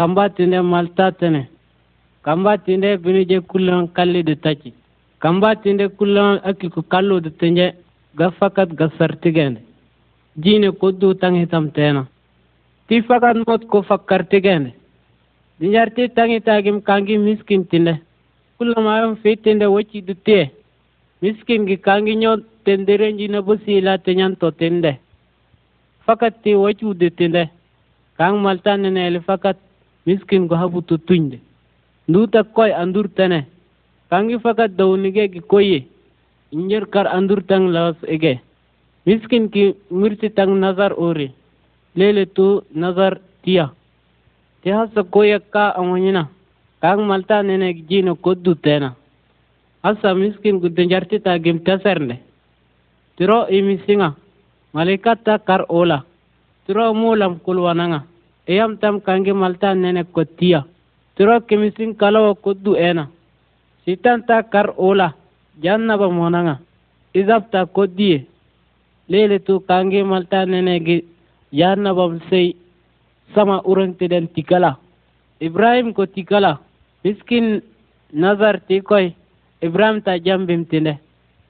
ಕಂಬಾತಿಂದೆ ಮಲ್ತಾತನೆ ಕಂಬಾತಿಂದೆ ಬಿನಿಜೆ ಕುಲ್ಲಂ ಕಲ್ಲಿದು ತಚಿ ಕಂಬಾತಿಂದೆ ಕುಲ್ಲಂ ಅಕ್ಕಿಕು ಕಲ್ಲುದು ತಿಂಜೆ ಗಫಕತ್ ಗಫರ್ತಿಗೆಂದೆ ಜೀನೆ ಕೊದ್ದು ತಂಗಿ ತಮ್ತೇನ ತಿಫಕತ್ ಮತ್ ಕೊಫಕ್ ಕರ್ತಿಗೆಂದೆ ದಿಂಜರ್ತಿ ತಂಗಿ ತಾಗಿಮ್ ಕಾಂಗಿ ಮಿಸ್ಕಿನ್ ತಿಂದೆ ಕುಲ್ಲಂ ಆಯಂ ಫೀತಿಂದೆ ಒಚ್ಚಿದು ತೇ ಮಿಸ್ಕಿನ್ಗೆ ಕಾಂಗಿನೋ ತೆಂದಿರೆಂಜಿನ ಬುಸಿ ಇಲ್ಲ ತೆಂಜಂತೋ ತಿಂದೆ ಫಕತ್ ತಿ ಒಚ್ಚುದು ತಿಂದೆ kan malta neneli fakat miskin go habu tuttuñde nduta koy andur tene kangi fakat dawnige gi koye injer kar andur tang las ege miskin ki mirti tang nazar ore lele tu nazar tia. te hasa koye ka amonyina kang malta nene gi jino koddu tena hasa miskin gu ta gim tesernde tiro imisinga malaikata kar ola tro mulam nanga eyam tam kangi malta nene kottiya tro kemisin kalawa koddu ena sitanta kar ola jannaba monanga izabta koddiye lele tu kangi malta nene gi jannabam sei sama urantiden tikala ibrahim ko tikala miskin nazar ti koy ibrahim ta jambimtine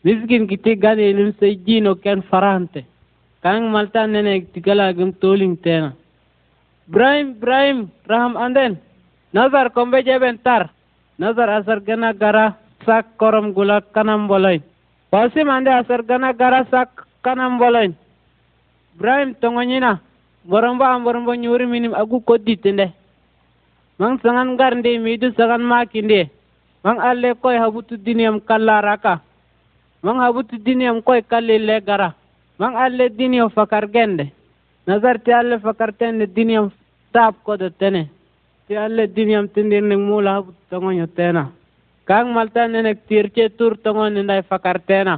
miskin kiti ganilim sei jino ken farante kan malta nene tigala gum tolim tena brahim brahim raham anden nazar kombe jeben tar nazar asar gana gara sak korom gula kanam bolay wasim ande asar gana gara sak kanam bolay brahim tongonyina boromba am boromba nyuri minim agu koddi tende mang sangan gar ndi midu sangan makinde mang alle koy habutu diniyam kallaraka mang habutu diniyam koy kalille gara maŋ alle diniyo fakar gende nazar ti alle fakar tende diniyam taab kodo tene ti alle diniyam tindirnik mula habu toŋoyo tena kaŋ malta nene tirce tur toŋoni nday fakar tena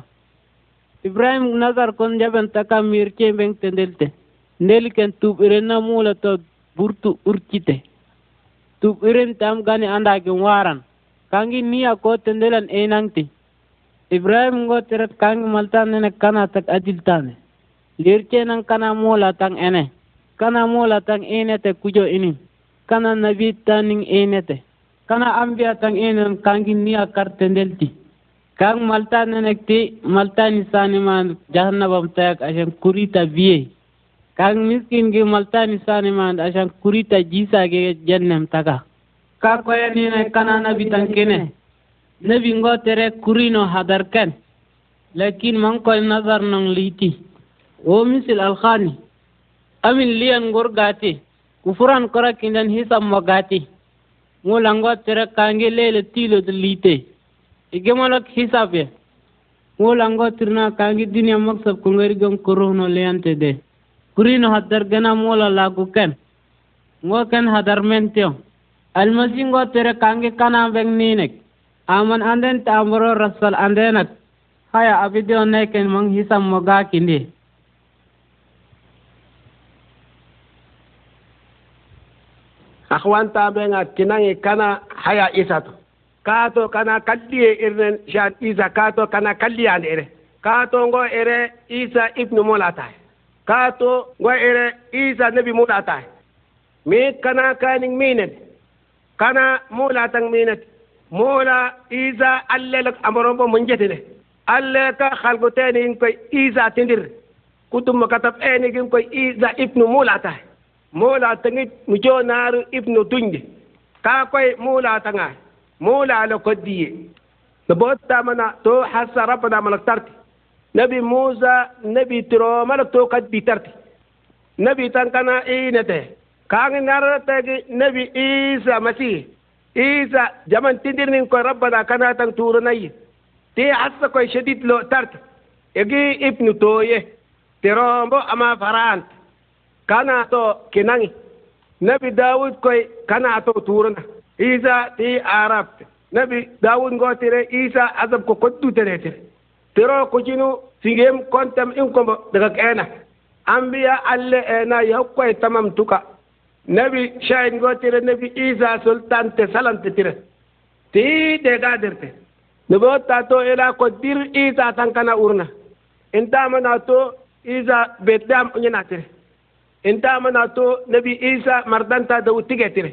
ibrahim nazar kon jaben taka mirce mbeŋ tendelte ndeliken tub irenna mula to burtu urcite tub iren tam gani andagin waran kangi niya ko tendelan enaŋti ibrahim ngo teret kangi maltan nene kana tak ajiltane lirce nan kana mola tang ene kana mola tang ene te kujo ini kana nabi taning ene te kana ambia tang ene kangi niya kartendelti kang malta nenek ti malta ni sani man jahannabam tayak ashan kurita biye kang miskin gi malta ni sani man ashan kurita jisa ge jannem taka ka koya ni ne kana nabi tang kene nebingo tere kurino hadarken lakin mankoy nazar nan liti. o misil alkhani amin liyan gor kufuran kora kindan magati. gati ŋulango tere kangi lele tilo to liite igemolok hisabe ŋulango tirna kangi duniya maksab kongori gom korohno leyante de kurino hadargena mola lagu ken ŋo ken hadarmenteo almasi ngo tere kangi kanan bek ninek aman anden tamboro rasal andenat haya abidi onne ken mang hisam moga kindi ta be nga kinangi e kana haya isatu kato kana kalliye irnen shan isa kato kana kalliyan ere kato ngo ere isa ibnu mulata kato ngo ere isa nabi mulata mi kana kaning minet kana mulatang minet mola isa alle lak amaro bo mun ne. alle ka khalgo teni in koy isa tindir kutum makatab eni gin koy isa ibnu ta mola tangi mu jonaru ibnu tunji. ka koy mola tanga mola la kodiye no botta mana to hasa rabbana malak tarti nabi musa nabi tiro malak to bi tarti nabi tankana inete kaangi narate nabi isa masih isa jaman tindirin ko rabba da kana tan turu nayi te asa ko shadid lo tart egi ibnu toye terombo ama faran kana to kinangi nabi daud ko kana to turu na isa ti arab nabi daud ngo tire isa azab ko kottu tere tere tero ko jinu singem kontam in ko daga kena anbiya alle ena yakko tamam tuka nabi shayin gotire nabi isa sultan te salante tire ti de b'o ta tato ila ko dir isa tankana urna intama na to isa betlehem nyina tire intama na to nabi isa mardanta da utige tire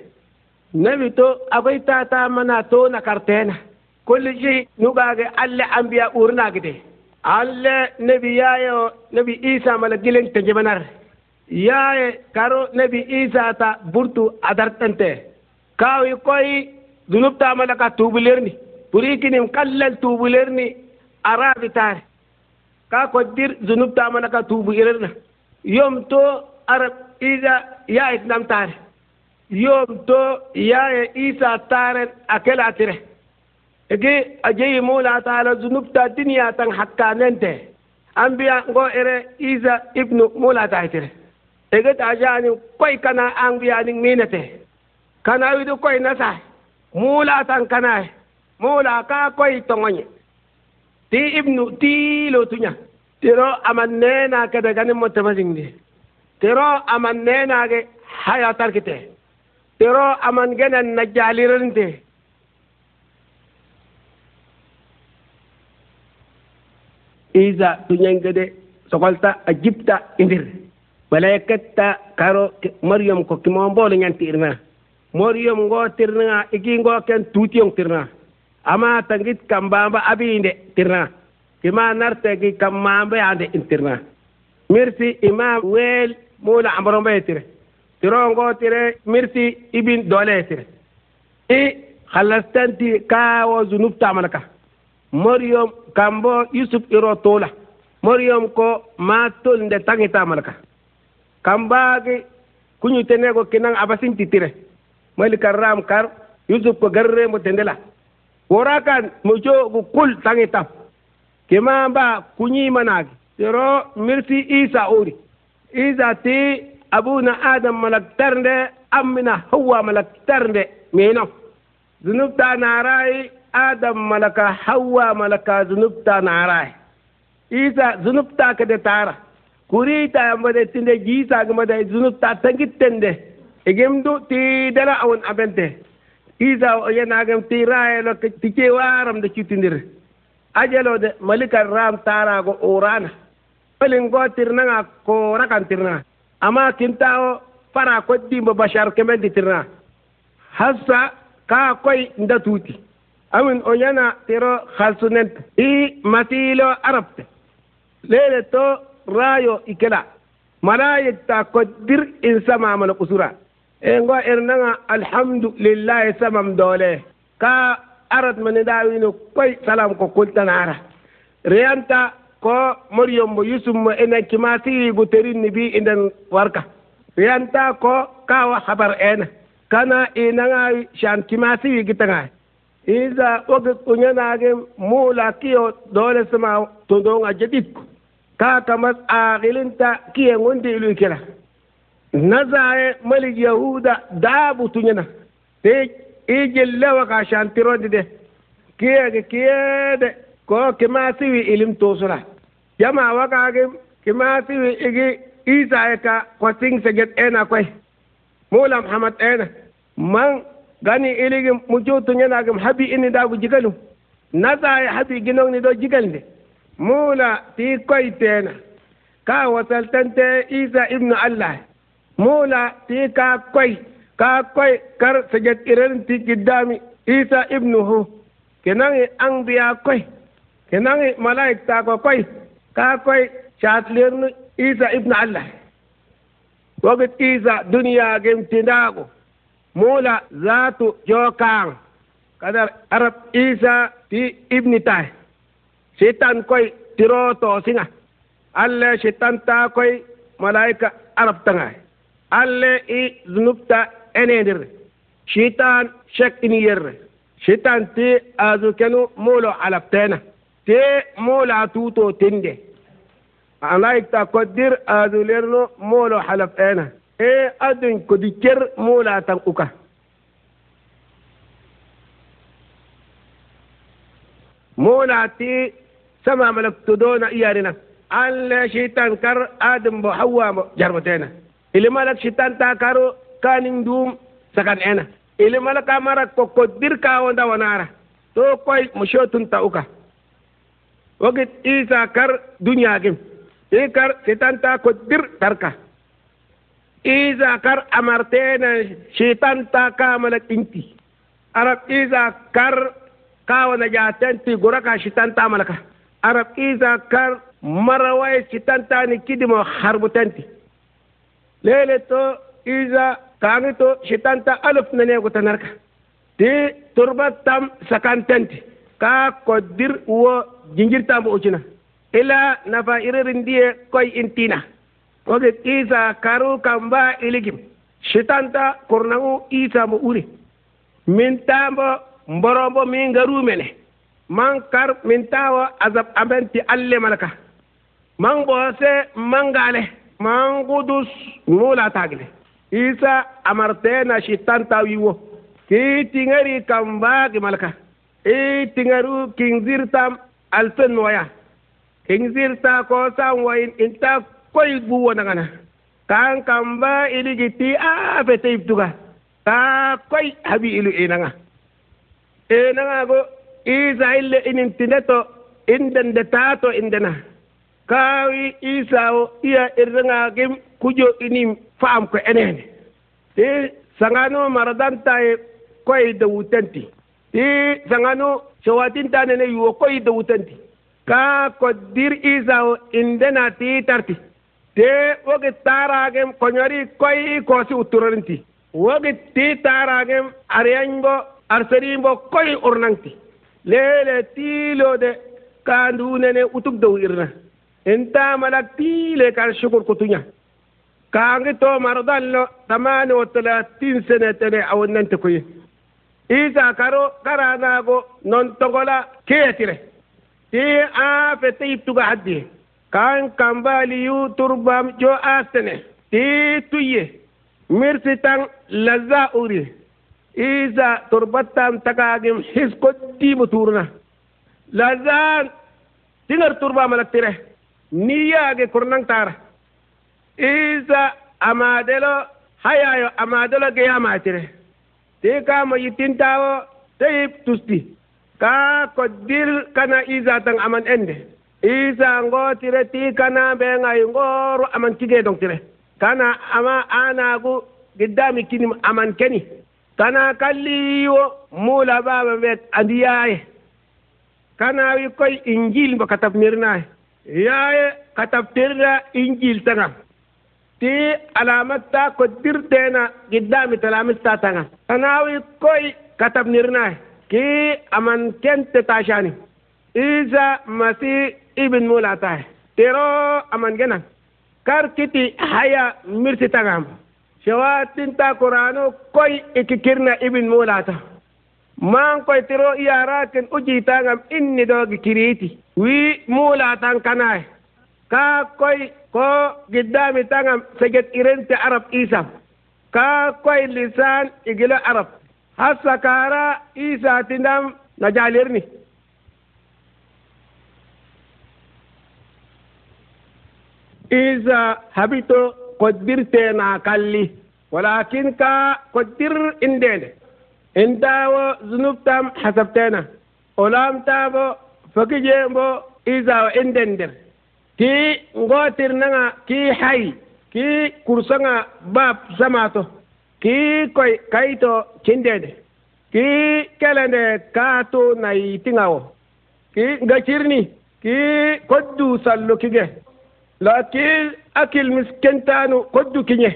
nabi to abai tata mana to na kartena kulli shi nubage alle anbiya urna gide alle nabi yayo nabi isa mala gilen tajibanar yaye karo nabi isa ta burtu adartante kawi koi dunub malaka tubulerni puri kinim kallal tubulerni arabi tare ka ko dir dunub ta malaka tubulerna yom to arab isa ya nam tare yom to yaye isa tare akela tire ege ajeyi mola taala dunub ta duniya hakka nente ambiya ngo ere isa ibnu mola ta tire ega ta ni koi kana an biya ni minate kana widu koi nasa mula tan kana mula ka koi tongoni ti ibnu ti tunya tiro aman nena ka daga ni mutabajin ne tiro aman nena ge haya kite tiro aman gena na jalirinte iza tunya gade sokalta a indir wala ketta karo maryam ko kimo mbolo nyanti irna maryam ngo tirna igi ngo ken tuti yong tirna ama tangit kambamba abinde tirna kima narte gi kamamba ande intirna mirsi imam wel mula amron baytire tiro ngo tire mirsi ibin dole tire i khalastanti ka wo zunub tamalaka maryam kambo yusuf iro tola maryam ko ma tol nde tangi tamalaka kambage kunyu tenego kinan abasin titire mali karram kar yusuf ko garre mo tendela worakan mo jo kul kul tangita kema ba kunyi managi tero mirti isa uri. isa ti abuna adam malak tarnde amina hawa malak tarnde meno zunubta narai adam malaka hawa malaka zunubta narai isa zunubta ka da tara ta tinde kuriitayambadetinde jiisaagimadayisunu tattangitende ti dara awon abente isa oyenaagem tiiraayelo tice waaramde cittindir ajelode malikan raam taaraago uuraana olingoo tirnanga ko kan tirna amma kinta o faraa koddiimbo bashar kemendi tirna hasa ka koy tuti. amin oyana tiro halsunent i matilo arabte lele to rayo ikela mala ta ko dir in sama mana kusura e ngo ernanga alhamdulillah samam dole ka arat mani dawino koy salam ko kultanara reyanta ko Maryam Yusuf yusummo enen kimati buterinni bi inden warka reyanta ko kawa habar ena kana inanga shan kimati wi gitanga iza oge kunyanage mula kiyo dole sama tondonga jeditko ka kama tsakilinta kiya wanda ilu kira na zaye malik yahuda daabu butu yana ta yi gillewa ka shantiro da de Kiya ga kiyan da ko kima siwi ilim to sura yama wa ka ga kima siwi igi isa ya ka kwasin sagit ena kwai mula muhammad ena man gani iligin mujutun yana ga habi ini da gu jigalu na zaye habi ginon ni do jigal mula ti tena ka tante isa ibnu allah mula ti ka koi ka koi kar saget iran ti kidami isa ibnu hu kenangi biya koi kenangi malaik ta ko koi ka koy chatlernu isa ibnu allah wogit isa duniya gem tindago mula zatu jokang kadar arab isa ti ibni tai shaitan koi tiro to singa alle shaitan ta koi malaika arab tanga alle i zunubta enendir shaitan ini yer shaitan ti azu kenu molo alaptena te molo atuto tinde alaik ta kodir azu lerno molo halaptena e adun kodiker molo tan uka molo te sama rina. an le shitan kar adam bo hawa mo tena ili malak shitan ta karo kaning dum sakan ena ili malaka mara kokko dirka wanda wanara to koy mushotun ta uka wagit isa kar dunya gim e kar shitan ta ko dir tarka iza kar amartena shitan ta malak inti arab iza kar kawana jatenti guraka shitan ta malaka arab iza kar marawai sitantani kidima harbutanti lele to iza kaangi to sitanta aluf naneguta narka ti turba tam sakantanti ka koddir wo jingirtambo ucina ila nafa iririndiye koy intina woge isa karu kamba iligim Shitanta kurnangu isa mu uri min tambo mborombo min garumene man kar min tawa azab abenti alle malaka man bose mangale man gudus mula tagle isa amartena shitan tawiwo ki tingari kamba ki malaka i tingaru kingzirtam alfen waya kingzirta ko san wayin inta koy guwo nangana kan kamba giti a fete ibtuga ta koy habi ilu enanga enanga go isa ille inin tineto inden de tato indena kawi isa o iya irringa gim kujo inim faam ko enene ti sangano maradanta e koy da wutanti ti sangano shawatinta nene yuwo koy da wutanti ka ko dir isa o indena ti tarti te wogi taragem konyori koy kosi uturorinti wogi ti taragem aryango arserimbo koy urnanti lele tilode ka ndunene utug dow irna en tamalak tiile kan shukur kutuña kaangi to mardallo tamani o talatin sene tene awonnante koye isa karo karanago non togola keyatire ti a fete yiptuga haddi. kan kambali yu turbam jo astene ti tuye mirsi tan laza uri. isa turbattan takaagim hiskotti buturna lazaan tingar turba malattire niyaage kurnan tara isa amadelo hayayo amadelo geyamatire te kama yittintawo teyib tusti ka koddil kana isa tan aman ende isa ngo tire ti kana be ngai ngoro aman kige dong tire kana ama anagu giddami kinim aman keni kana kalliyo mula baba bet adiyaye kana wi koy injil ba katap mirna yaye katap tirda injil tanga ti ta ko dirtena giddami ta tanga kana wi koy katap nirna ki aman kente tashani isa masi ibn mulata tero aman gena kar kiti haya mirsi tagam shawatin ta kurano koy ikikirna ibin mulata man koy tiro iyarakin ujita ngam inni dogi kiriti wi mulatan kanai ka koy ko giddami tangam seget irente arab isa ka koy lisan igila arab hassa kara isa tindam na isa habito koddir tena kalli walakin ka koddir indene intawo zunubtam hasabtena olamtabo fakije mbo isawo indender ki ngotir nanga ki hay ki kursanga bab samato ki koy kayto kindede ki kelende kato nayi tingawo ki ngacirni ki koddu sallu kige lakin akil miskentanu koddu kinye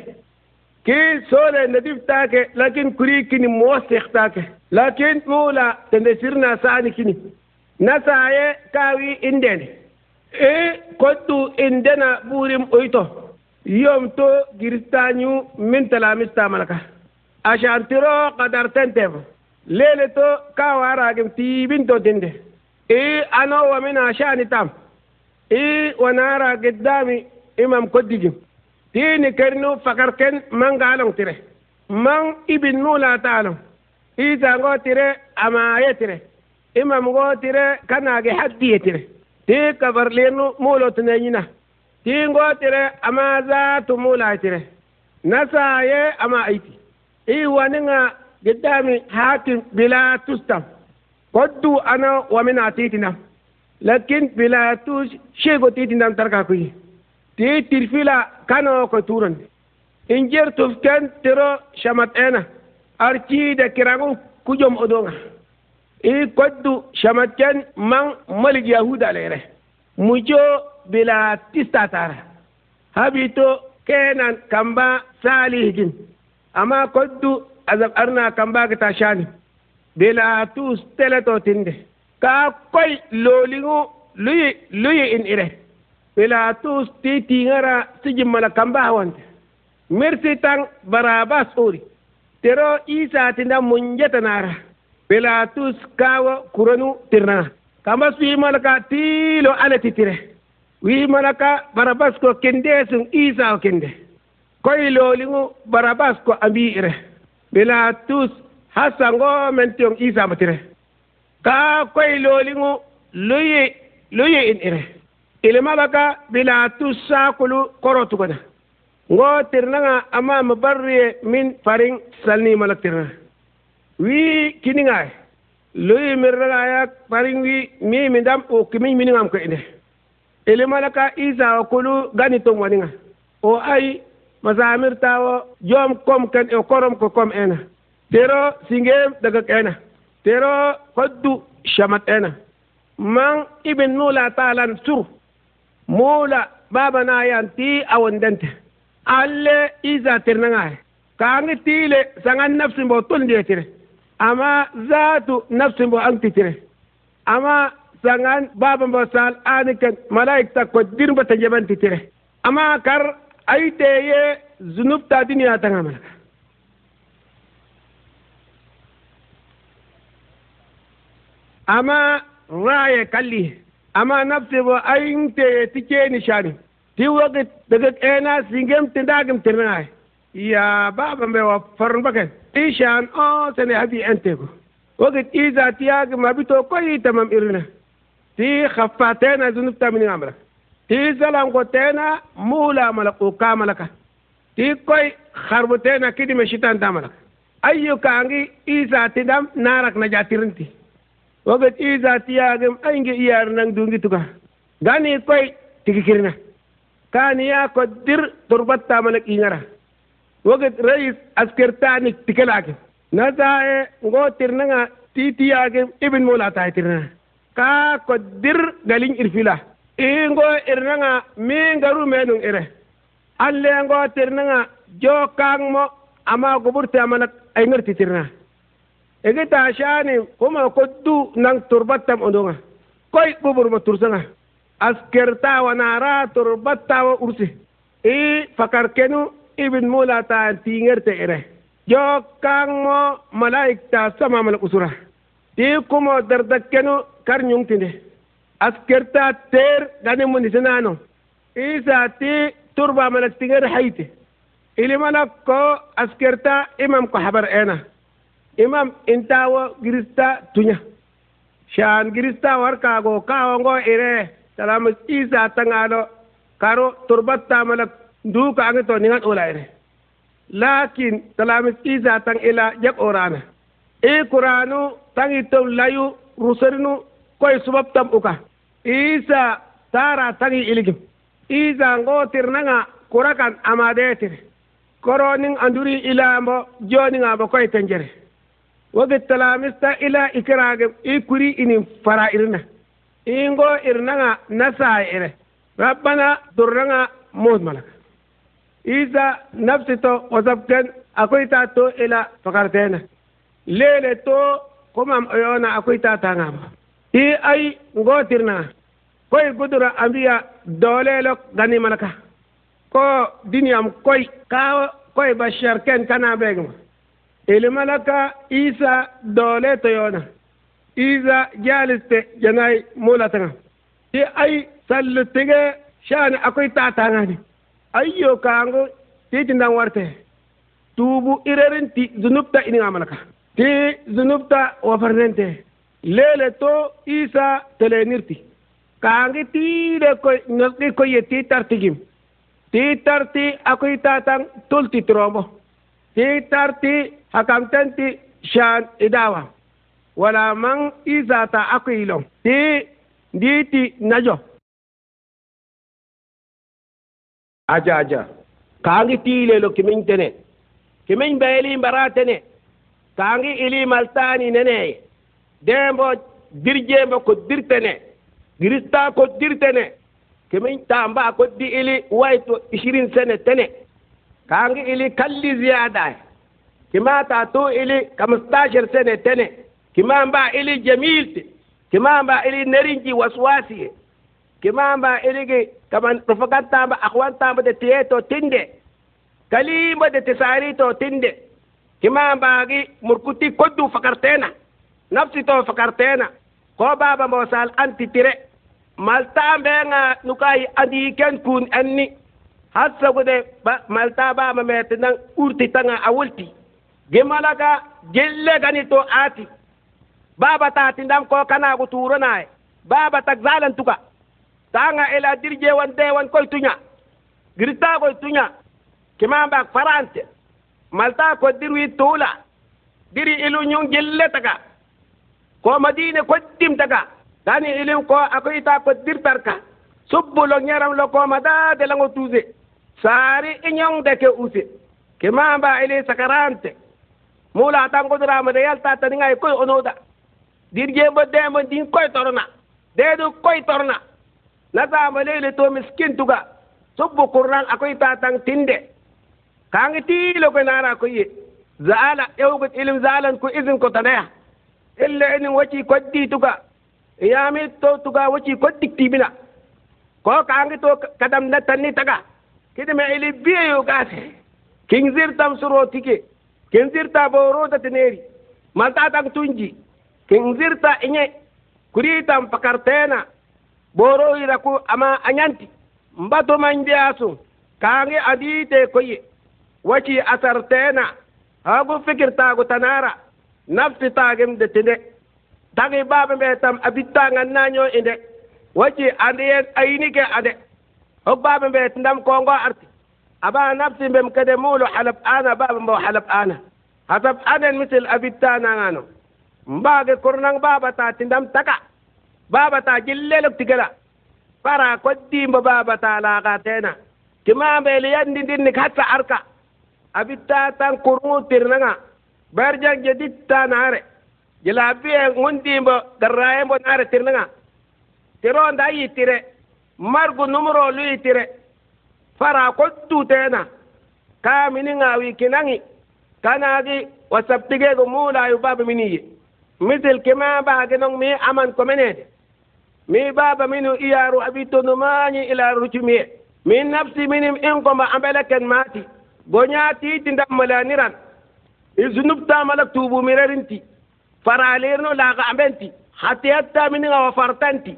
ki sole nadif take lakin kuri kini ta take lakin mula tende sirna sani kini nasaye kawi indene e koddu indena burim oito yom to giristañu min talamista malaka ashantiro kadartentef lele to kawaragem tibinto dinde i e ano wamina shani tam i e wanara geddami imam koddigim tiini karnu fakar ken mangaalong tire man ibin mula taalong iisango tire ama amaaye tire imamgo tire kanaage haddiye tire tii kabarliinu ti tiingo tire ama za tu mula tire ye ama ayti ii waninga giddami hakim bila tustam koddu ana wamina tiitinam lakin bila tuus shego titina tarka kuyi ti tirfila kano ko turan. in tiro shamat ena arci da kirangu kujom odonga i koddu shamat ken man malik yahuda lere mujo bila tista tara habito kenan kamba salihin amma koddu azab arna kamba ta shani bila tus teleto tinde ka koy lolingu luyi luyi in ire pilatus ti tiŋara titiŋara sijimala kamba wante mirsi tang barabas uri tero isa tinda munjetanara pilatus kawo kuronu tirna kamba suyimalaka tiilo ala titire wimalaka barabas ko kinde sun isa o kende koye looliŋo barabas ko ambiire pilatus hasango men tiyon isa matire Ka koye looliŋo luyi luyi in ire ilmalaka bila tusakulu koro tugada ngo tirnanga ama mabarriye min faring salni malak tirna wi ngai. luyi mirraga ya faring wi mi mindam o kimi miningam ko inde ilmalaka isa wa kulu gani nga. o ay masamir tawo jom kom ken e korom ko kom ena tero singem daga ena tero koddu shamat ena Mang ibn nula talan suru baba na yan ti awondente alle iza tirnanga kaangi tiile sanga nafsi mbo tolndi tire ama zaatu nafsi mbo ang tire ama sangan baba mbo sal ani ken ta ko dirmbo ta jebanti tire ama kar ayiteye zunub ta duniya tanga malaka ama raye kalli amma nafsi bo ayin te tike shani. ti wagi daga kena singem tin dagim terminai ya baba mbe wa bakai ti shan o sene habi ente ko wagi iza ma mabito koyi tamam irina ti tena zunub min amra ti zalan ko tena mula malaku malaka ti koy kharbutena kidime shitan tamalaka ayyuka angi iza dam narak na jatirinti woga ciisaatiyagem ainge iyar nang dungi tuka gani koy Kani ya ko dir torbattamanak iŋara wagat rais askertanik tikelagem nasae ngo tirnaŋa tiitiyagem ibin molatay tirna ka ko dir galiŋ irfila e, nga irnaŋa ngaru menun ire alle ngo nga jokang mo ama guburte ay ayŋerti tirna ta shani kuma kuddu nang turbattam odonga koy bubur ma tursanga askerta wa nara turbatta wa ursi i fakar kenu ibn mula ta te ere jo kang mo malaik ta sama mal usura ti kuma dardak kenu kar nyungtinde askerta ter gane mun I sa ti turba malak tinger haiti. ili malak ko askerta imam ko habar ena imam intawo girista tunya shan girista war kago kawongo ire salamus isa tangalo karo turbatta malak duka angi to ningan ola ire lakin salamus isa tang ila jak orana e qur'anu tangi to layu ruserinu koy subab tam uka isa tara tangi iligim isa ngo tirnanga kurakan amadetir koronin anduri ilambo joninga bo koy tenjere woge talamista ila ikirage Ikuri kuri ini fara irna ingo irnanga nasa ire rabbana durranga mod malaka isa nafsi to wasabken akwai ta to ila fakartena lele to kuma oyona akwai ta tanga ma i ai ngotirna koy gudura ambiya dolelo gani malaka ko diniyam koy ka koy bashar ken kana begma ilmalaka isa dole toyona iza jaliste janai mulatanga ti ai sallutige shani akoi akwai tatangani ayyo kango ti tindan warte tubu irerin ti zunubta ini amalaka ti zunubta wafarnente lele to isa telenirti kangi ti de ko noski ko yeti tartigim ti tarti akwai tatang tulti trombo ti tarti hakamtanti shan idawa wala man izata akilo ti diti najo aja aja kaangi tiilelo kimin tene kimin bayeli mbaratene kaangi ili maltani neneye dembo dirjembo ko dirtene girista ko dirtene kimin tamba ko di ili wayto 20 sene tene kaangi ili kalli ziyaada kima tu ili kamstashir sene tene kimamba ili jamilte kimamba ili nerinji waswasiye kimamba iligi kaman rufagantamba akwantamba de tiyeto tinde kalimba de tisarito tinde kimambagi murkuti koddu fakartena nafsi to fakartena ko baba mosal anti tire maltambenga nukayi andi ken kun anni har sagude malta ba ma meti nan urti tanga a wulti gimalaka gille gani to ati baba ta tindam ko kana gu turo nae baba tak zalan tuka tanga ila dirje wan de wan koy tunya girta ko tunya kima ba farante malta ko dirwi tula diri ilu nyun gille taka ko madine ko dim taka dani ilim ko akoy ta ko dirtarka subbu lo nyaram lo ko mada de lango tuze saari iñongde deke use ke mamba ele sakarante mula ma de yalta tani e koy onoda dir de mo din koy torna dedu koy torna ma leyle to miskin tuga subbu qur'an akoy tang tinde kangi tiilo koy nara koye zaala ƴewgot ilim zaalan ko izin ko tanaya illa enin wacci koddi tuga yami to tuga wacci koddik timina ko kangi to kadam tanni taga ma ili biyeyo gase zirta msuro tike kinzirta boroda tineri maltatak tunji kinzirta inye tam pakartena boro iraku ama anyanti mbato asu kange adite koye waci asartena hagu fikirtagu tanara nafsi de tinde tagi babe mbe tam abittanga nanyo inde waci andiyen ayinike ade hobbaɓe mbe ndam ko A arti abaa nafsi mbem kede muulo halab ana baɓe mbo halab ana hasab anen misil abittanangano mbaage kornang baabata tindam taka baabata jillelok tigela para koddimbo baabata laakatena timambeeli yanndindinnik hatta arka abitta tan kurmu tirnanga barjan je ditta naare jela biye ngundimbo garrayembo naare tirnanga tiro nda yittire margu numro tire fara ko na ka mini ŋawi kinangi kanagi mula mulayu baba miniye misil ba bagenong mi aman komenede mi baba minu iyaru no mani ila rucumie min nafsi minim ambele ken mati ta ndammalaniran tubu mirarinti fara lerno la ga ambenti hatiyattaminiŋawa fartanti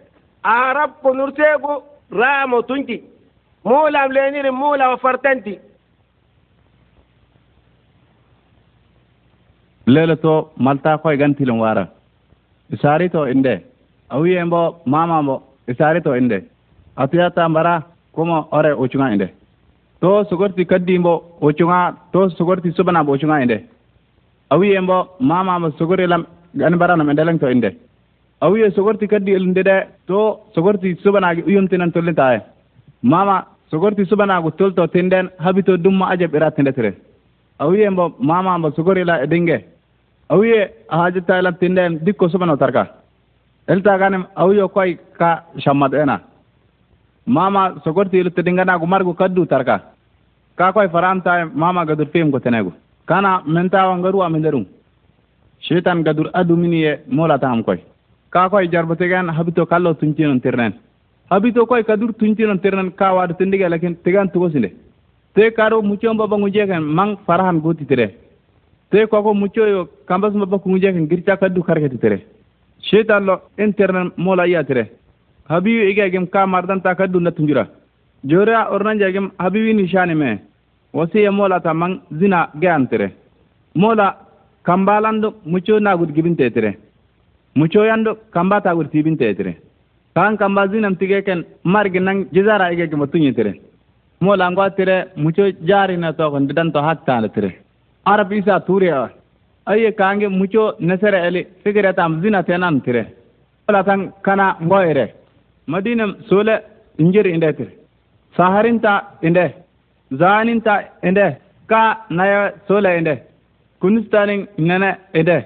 arab ko nurteego raamo tunki muulam leeniri muulamo fartanti lele to malta koye gantilin waara i e saari to innde a wiye mbo mama mbo i e saari to innde a tuyatta mbara kumo ore uccunga innde to sogorti kaddi mbo uccunga to sogorti subana mbo uccunga innde a wiye mbo mama mbo sogori lam gani mbaranam e ndeleng to innde awiye sogorti kaddi elunde to sogorti subanagi uyumtinan tollintaye mama sogorti subanagu tolto tinden habito dumma aje ɓira tindetiren awiye mbo mama mbo sogorila e ɗingue awiye haajetta elam tinden dikko subano tarka eltaganem awiyo koy ka sammado ena mama sogorti ilutte ɗinganagu margu kaddu tarka ka koy faramta mama gadur fim gotenegu kana mentawa ngaru aminde ɗum gadur adumini e molataham ka koy jarbotegen habito kallo tunchinon tirnen habito koy kadur tunchinon tirnen ka wadu tindige lakin tigan tugosinde te karo mucho mbaba ngujeken mang farahan gutitire te koko mucho yo kambas mbaba kungujeken girca kaddu karketitire shetan lo internen mola iyatire habiyu igegem ka mardanta kaddu natunjura jora ornanjegem habiyu nishanime wasiya mola ta mang zina geantire mola kambalando mucho nagud gibintetire mucoyando kamba ta tagur tibintetire kan kamba zinam tige ken margi nang jizara ige gima tunyitire mo lango tire muco jari na to kon didan to hatta tire arab isa turiya aye kange muco nesere eli figire tam zina tenan tire wala tan kana ngoyre madinam sole injir inde tire saharinta inde zaninta inde ka naya sole inde kunistanin nene inde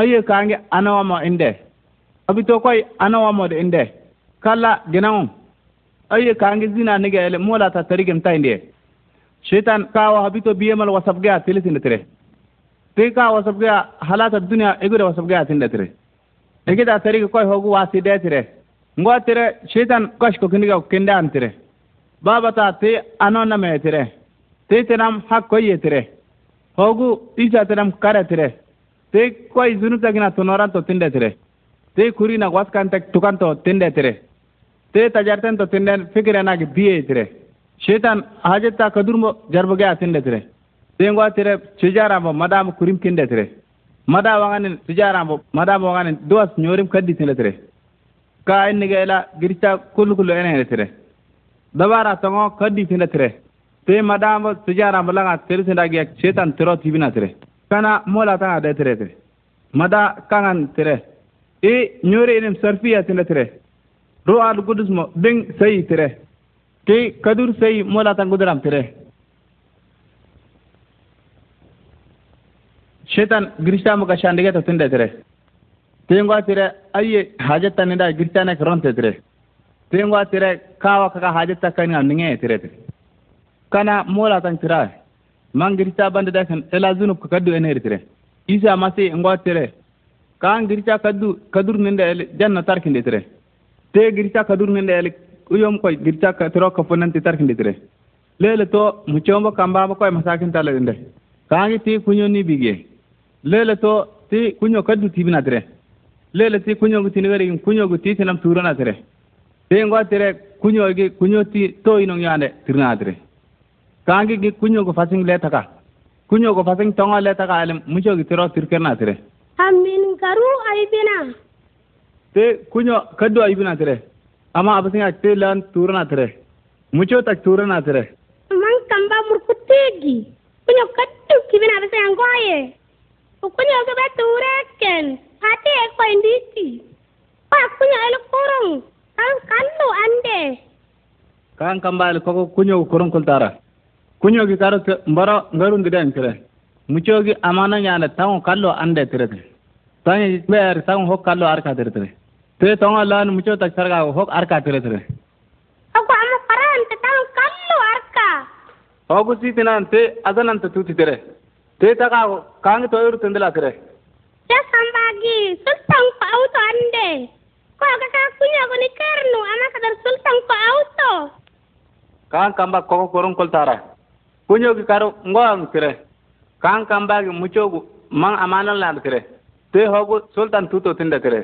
ayye kange anawamo inde abito koy anawamode inde kala ginaŋo ayye kange zina nige ele molata tarigem taindiye shaitan kawa habito biyemal wasabgeya tilitindetire ti ka wasabgeya halata duniya igude wasabgeya tindetire igida tarige koy hogu wasidetire ngo tire shaitan koshko kindiga kinde antire babata ti anoname tire ti tinam hakkoye tire hogu isa tinam kare tire te kwa izunu tagina tonoranto tindetire te kuri na kurina waskante tukanto tindetire te tajartento tinden fikirenagi biyeytire shetan hajetta kadurmo jarboge a tindetire te ngwa tire sijarambo madama kurim kindetire mada wanganin sijarambo madama wanganin duwas nyorim kaddi tindetire ka innige ila girta kulukulu enenetire dabara tongo kaddi tindetire te madama sijarambo langa terisindagiya shetan tiro tibinatire kana mola tanga de tere tere mada kangan tere i nyore inim sarfiya tine tere ru'al gudus mo ding sayi tere ki kadur sayi mola tanga guduram tere shetan girista muka shandige ta tinde tere tengwa tere ayye hajata nida girista ne ronte tere tengwa tere kawa kaka hajata kaninga ninge tere tere kana mola tanga tere mangiri sa bandeda kan ela zone ko kaddu enere tere isa masi e ngot tere ka ngiri sa kaddu kadur nende ele janna tarkinde tere te ngiri sa kadur nende ele uyom ko ngiri sa tero ko fonanti tarkinde tere lele to mu chombo kamba ko e masakin tala dende ka ngi ti kunyo ni bige lele to ti kunyo kaddu tibina tere lele ti kunyo ngi tinere ngi kunyo ngi titinam turana tere te ngot tere kunyo ngi kunyo ti to inong yande tirna tere kangi gi kunyo go fasing leta ka kunyo go fasing tonga leta ka alim mucho gi tiro tirker na tire amin garu aibina te kunyo kaddo aibina tire ama abasin ak te lan turna tire mucho tak turna tire man kamba murkutegi kunyo kaddu kibina abasin angoye kunyo go ken tureken ate ko indiki pa kunyo el korong kan kallu ande kan kamba el koko kunyo korong kultara kunyogi karot mboro ngarungiren kire mucogi amana ñane tango kallo ande tirete taŋi mbeer taŋo hok kallo arka tiretere te taŋo lan muco tak sargago hok arka tiretere ako ama farante tango kallo arka hogu sitinan te tuti tutitere te taka takago kaŋi toyuru tindila tire te sambagi sultan ko auto ande ko kaka kunyogoni kernu ama kadar sultan ko auto kaŋ kamba koko korun koltara kunyogi karu ngoam kire kan kan kambagi muchogu man amanan land kire te hogu sultan tuto tinda kire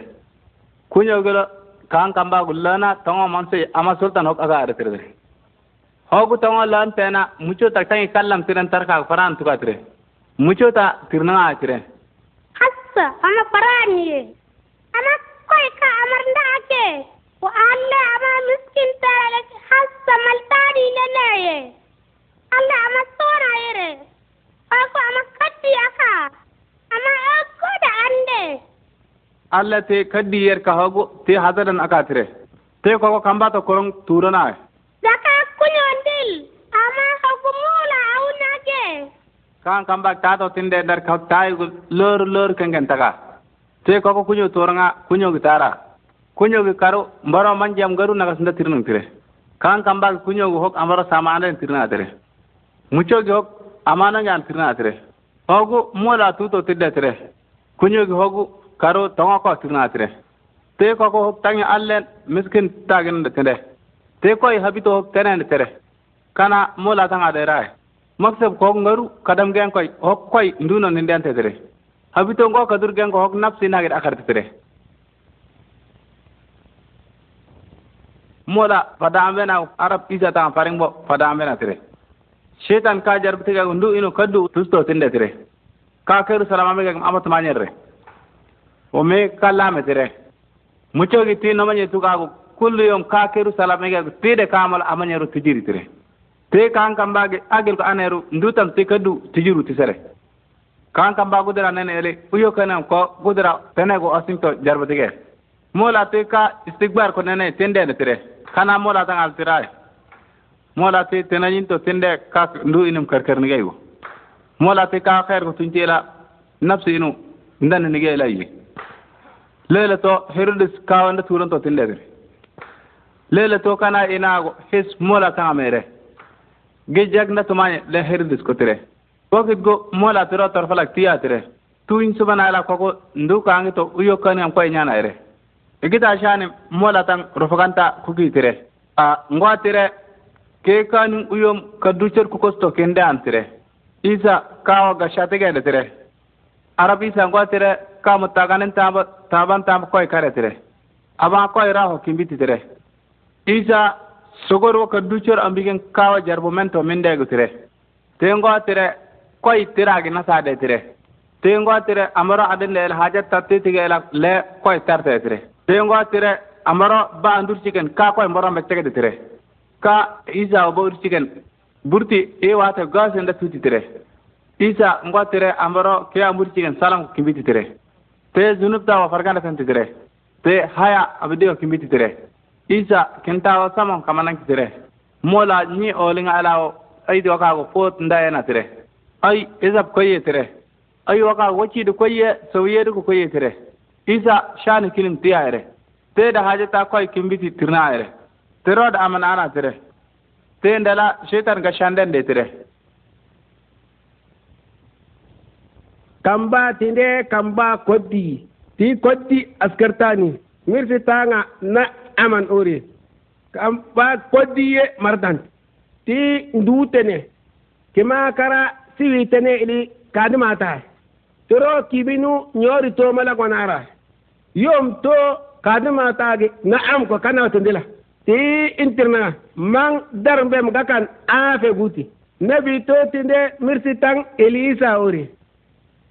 kunyogilo kan kan kambagu lana tongo manse ama sultan hok aga are kire hogu tongo lan tena mucho taktangi kallam tiran tarka faran tuka tire mucho ta tirna a kire hassa ama ye. ama koi ka amarnda ake wa alla ama miskin tarala hassa maltari lanaye আল্লাহ আমার তোরা এরে ওকে আমার কাটি আকা আমার কোড আন্ডে আল্লাহ তে কাটি এর কাহাগো তে হাজারন আকাতরে তে কো কাম্বা তো করং তুরনা জাকা কুনো দিল আমার হগো মোলা আউ নাগে kan kamba ta to tinde dar ka tai lor lor kengen taka te ko ko kunyo toranga kunyo gitara kunyo gi karo mbaro manjam garu naga sunda tirnung tire kan kamba kunyo go hok amaro samana tirna tire muchogi hok amanangan tirna atire hogu mola tuto tirde tire kunyogi hogu karo tonga ko tirna atire te ko ko hok tangi allen miskin tagin de tende te ko i habito hok tenen de tere kana mola tanga de rai maksab ko ngaru kadam gen koy hok koy nduno ni den tere habito ngo kadur gen ko hok nafsi nagir akar tere mola fadambe na arab isa tan faringbo fadambe na tere Sheitan ka jarbitigagu ndu inu kaddu tire. ka keru salamamigag amat manyerre ome ka lametire mucogi ti nomanyetugagu kullu yom ka keru salamigag tide kamal amanyeru tijiritire te kan kambagi agil ko aneru ndutam ti kaddu tijiru tisere kan kamba gudira nene ele uyo kanem ko Gudra gudira tenego osinto jarbitige mola te ka istigbar ko nene tendene tire kana mola tangal tiraye mola te tenajin to tende ka ndu inum karkar ni gayo mola te ka khair ko tunjela nafsi inu ndan ni la yi lela to herodes ka wanda turan to tende de lela to kana ina go his mola ka mere ge jag na to mane le herodes ko tere ko ke go mola tero tor falak tiya tere tuin na ala ko go ndu ka ngi to uyo kan am ko nyana ere igita shani mola tan rofakanta kuki tere a ngwa tere ke kanin uyom ka ducer ku kosto kende antire isa kawa ga shategende tire arab isa ngwa tire kama taganen tamba taban tamba koy kare tire aba koy raho kimbiti tire isa sogoro ka ducer ambigen kawa jarbo mento mindego tire te ngwa tire koy tiragi nasade tire te ngwa tire amaro aden le haja tatte tige le koy tarte tire te ngwa tire amaro ba andur chiken ka koy mboro mbecege tire ka isa obo urchiken burti e wata tuti tutitire isa ngwatire ambaro ke amurchiken salam kimbititire te zunubta wa farganda fentitire te haya abdeo kimbititire isa kentawa samon kamanankitire mola ni olinga alao aidi wakago fot ndayenatire ay izab koyetire ay wakago wacidi koye koye koyetire isa shani kilim tiyayire te da hajata koy kimbiti tirnayire tirod amanana tire tendela shetan ga shanden de tire kamba tinde kamba koddi ti koddi askartani mirfi tanga na aman ore kamba koddi ye mardan ti ndutene kima kara siwitene ili kadimata toro kibinu nyori to mala gonara yom to kadimata ge na am ko kana tindila ti intirna man dar mbem gakan afe guti nebi totinde mirsi tang elisa uri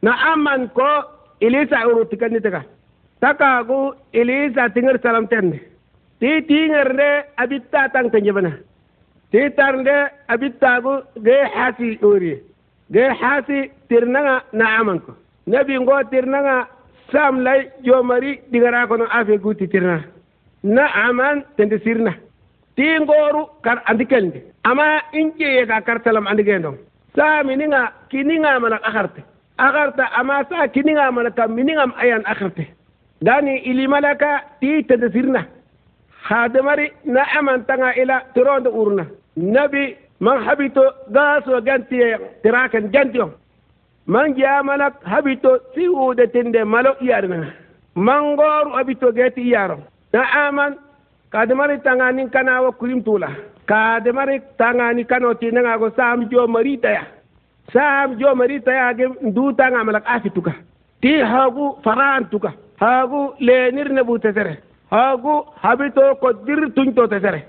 na amman ko elisa uru tikanni taka takagu elisa tingir salam tende ti tingir de abitta tan tanjibana ti tarnde abittagu ge hasi uri ge hasi tirnanga na amman ko nebi ngo tirnanga sam lay jomari digara kono afe guti tirna na'aman tende sirna ti ngoru kar andikende ama inje ka kartalam andikendo sa mininga kininga mana akarte akarta ama sa kininga mana kam miningam ayan akarte dani ilimalaka ti tende sirna hadamari na'aman tanga ila tironde urna nabi man habito gaso gantiye tirakan gantiyo man jamalak habito siwude tinde malo iyarna man ngoru habito geti iyaro na'aman kadimari tangani kana wa kurim tula Kadimari tangani kano tinanga go sam jo marita ya sam jo marita ya ge ndu tanga malak afituka ti hagu tuka. hagu lenir ne bu tesere. hagu habito ko dir tun tunto tesere.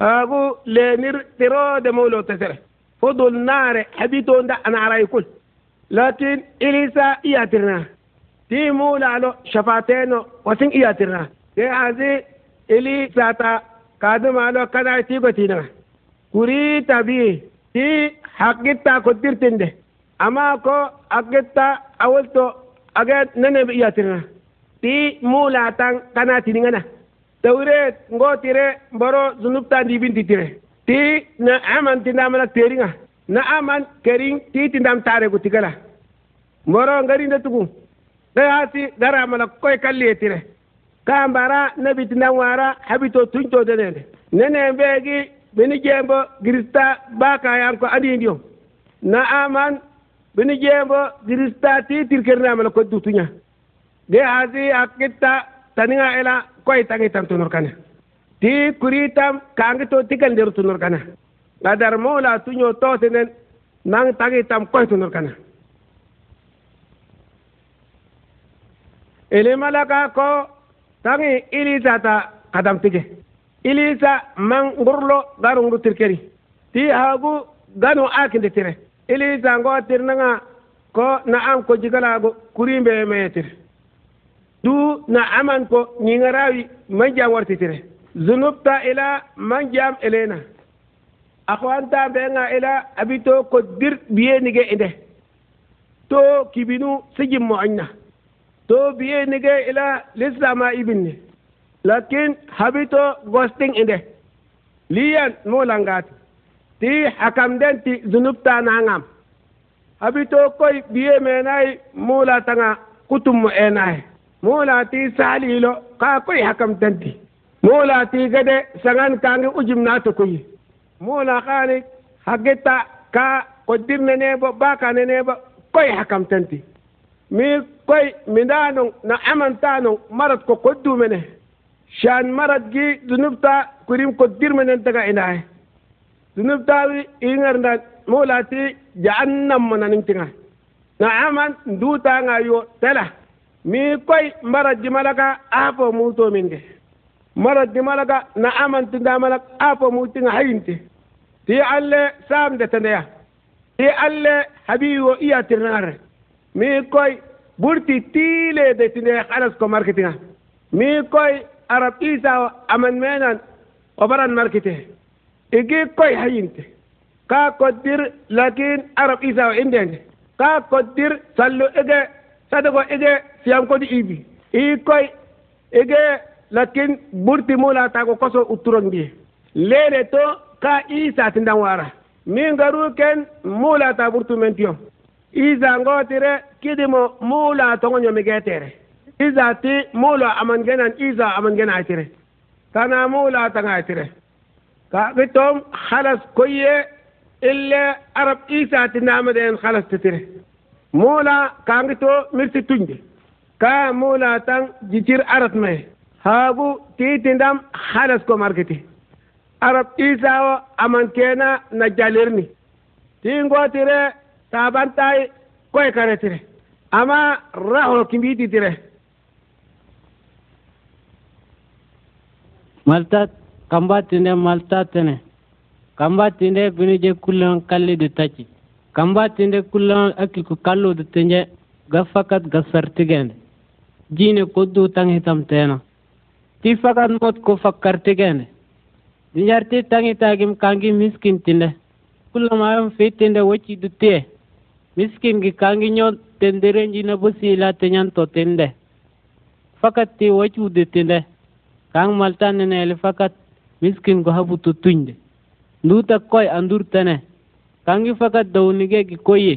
hagu lenir tiro de molo tesere. fodol nare habito nda anarai kul lakin ilisa iyatirna ti mulalo shafateno wasin iyatirna sai a zai ili sata ka zama lo kada ti goti na kuri tabi ti hakitta ko dirtinde amma ko hakitta awulto aga nene bi yatina ti mula tan kana ti ngana tawre ngotire boro zunub tan dibinti tire ti na aman ti namana teringa na aman kerin ti ti ndam tare gutigala moro ngari ndatugu da yati dara mala koy kalle tire kan bara na bitina wara habito tunto denene ne begi bini jembo grista baka yar ko adi na aman bini jembo grista ti tirkerna mala ko dutunya de hazi akitta taninga ela koy tangi tam tunur kana ti kuritam kangi to tikal der tunur kana ngadar mola tunyo to tenen nang tangi tam koy tunur kana ele malaka ko tangi ilisa ta ili ilisa man gurlo garu nguru tirkeri ti hagu ganu akinde tire ilisa ngo tirnanga ko na am ko go kurimbe metir du na aman ko man manja warti tire zunubta ila man jam elena akwanta benga ila abito ko dir biye nige inde to kibinu sijim mo anna तो biye निगे ila लिस्लामा ibin ne lakin habito gosting inde liyan mo langat ti hakam den ti zunub ta nangam habito koy biye menai mula tanga kutum mo enai mula ti salilo ka koy hakam tanti mula ti gade sangan kangi ujim na koy mula kani hageta ka kodirne ne ba baka ne ba koy hakam mi koy mi daanong na amantanong marat ko koddu mene shan marat gi dunubta kurim dir menen daga inaay e wi ingar nda molati jahannam mananing tinga na aman nduta nga yo tela mi koy marat di malaka afo muto minge marat di malaka na aman tinda malak afo mutinga hayinte ti alle samde tandeya ti alle habiyo iya tirnare mi koy burti tiile de tinde halas ko marketing a mi koy arab isa aman menan o ɓaran markete igi koy hayinte ka koddir lakin arab isa o indende ka koddir sallu ige sadego ige siyankodi ibi i koy ige lakin ta ko koso utturon ndiye lene to ka isa tindan wara min garu ken mulata ɓurtu men tiyom iza kidi kidimo mula tongo nyomi getere iza ti mula aman genan iza aman gena itire kana mula tanga itire ka gitom khalas koye ille arab isa ti den khalas titire mula kangito mirti tunde ka mula tang jitir arat me habu tindam khalas ko markiti arab isa o aman kena najalirni tire. taabantai koye kare tire ama raho kimbiti tire malta kamba tinde malta tene kamba tinde bini je kullon kalli du taci kamba tinde kullon akilku kallu du tinje ga fakat ga sartigende jine ko du tang hitam tena ti fakat mot ko fakkartigende dinjarti tangi tagim kangi miskin tinde kullum ayam fitinde woci du tiye miskim gi kangi nyo tenderen jina busi ila tenyan to tende. Fakat ti wachu de tende. Kang maltan nene ele fakat miskim go habu tu tuinde. Nduta koi andur tene. Kangi fakat da unige gi koye.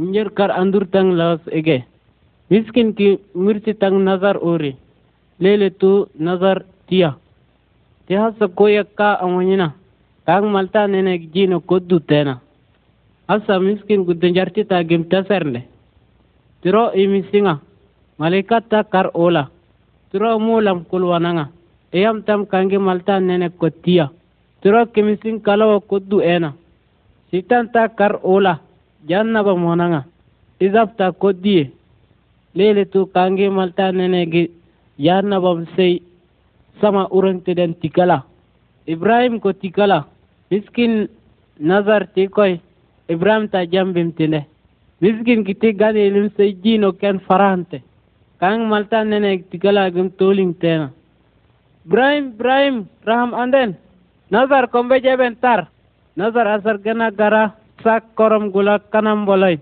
Injer kar andur tang laos ege. Miskin ki mirti tang nazar ori. Lele tu nazar tia. Tia sa koya ka amonyina. Kang maltan nene gi jino koddu tena. hasa miskin gudde njartita gimta serne tiro imisiŋa malikat ta kar ula tiro mulam kulwanaŋa eyam tam kangi malta nene kotia tiro kimisiŋ kalawo koddu ena sitan ta kar ula jannaba ta izabta lele tu kangi malta nenegi ba sey sama den tikala ibrahim ko tikala miskin nazar ti ibrahim ta jambimtine miskin kiti gadilum sai jino ken farante kang malta nene tigalagum toling tena ibrahim ibrahim raham anden nazar kombe jeben tar nazar asar gana gara sak korom gula kanam bolay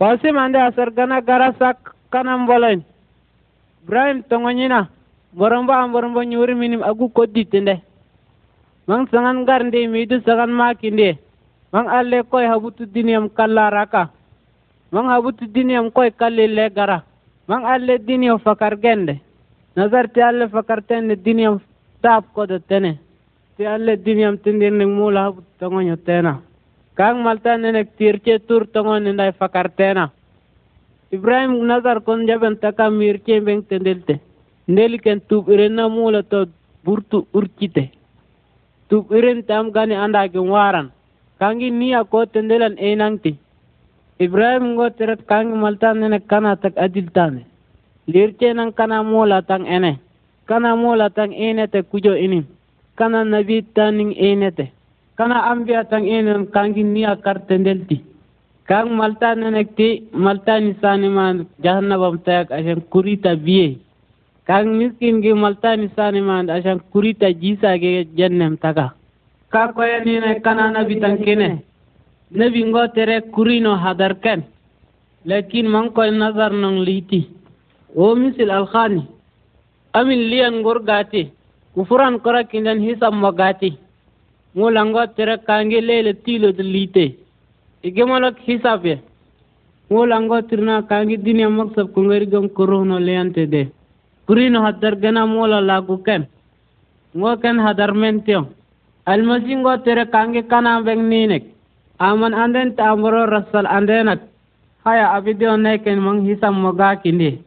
wasim ande asar gana gara sak kanam bolay ibrahim tongonyina boromba am boromba nyuri minim agu koddi tende mang sangan gar ndi midu sangan makinde Mang alle koy habutu diniyam kala raka Mang habutu diniyam koy kallille gara Mang alle diniyo fakar gende nazarti alle fakar tende diniyam taab kodo tene ti alle diniyam tindirnik mula habutu tongoño tena kang malta nenek tirce tur tongoni nday e fakar tena ibrahim nazar kon jaben taka mirce beng tendelte ndeliken tub irenna mula to burtu urcite tub irin tam gani andagin waran kangi ni ako tendelan enangti ibrahim go teret kangi maltan ne kana tak tane. lirce nan kana mola tang ene kana mola tang ene te kujo ini kana nabi taning ene te kana ambia tang ene kangi ni akar tendelti kang malta nenekti malta ni sani man jahannabam tayak ashan kurita biye kang miskin gi malta ni sani man ashan kurita jisa ge jannem taka ka koyanine kanana bitankine nebingo tere kurino hadarken lakin man koy nazar nong liti O misil alkhani amin liyan ngur kufuran kora kinden hisab magati. gati ngulango tere kangi lele tilo de lite igemolok hisabe ngulango tirna kangi dinya maksab kungeri gam kuruhno leyante de kurino hadar gena mola lagu ken ngo ken hadar mentio almasingo tere Kange kana beng ninek aman anden tamboro rasal andenak haya abidio neken mang hisam moga kindi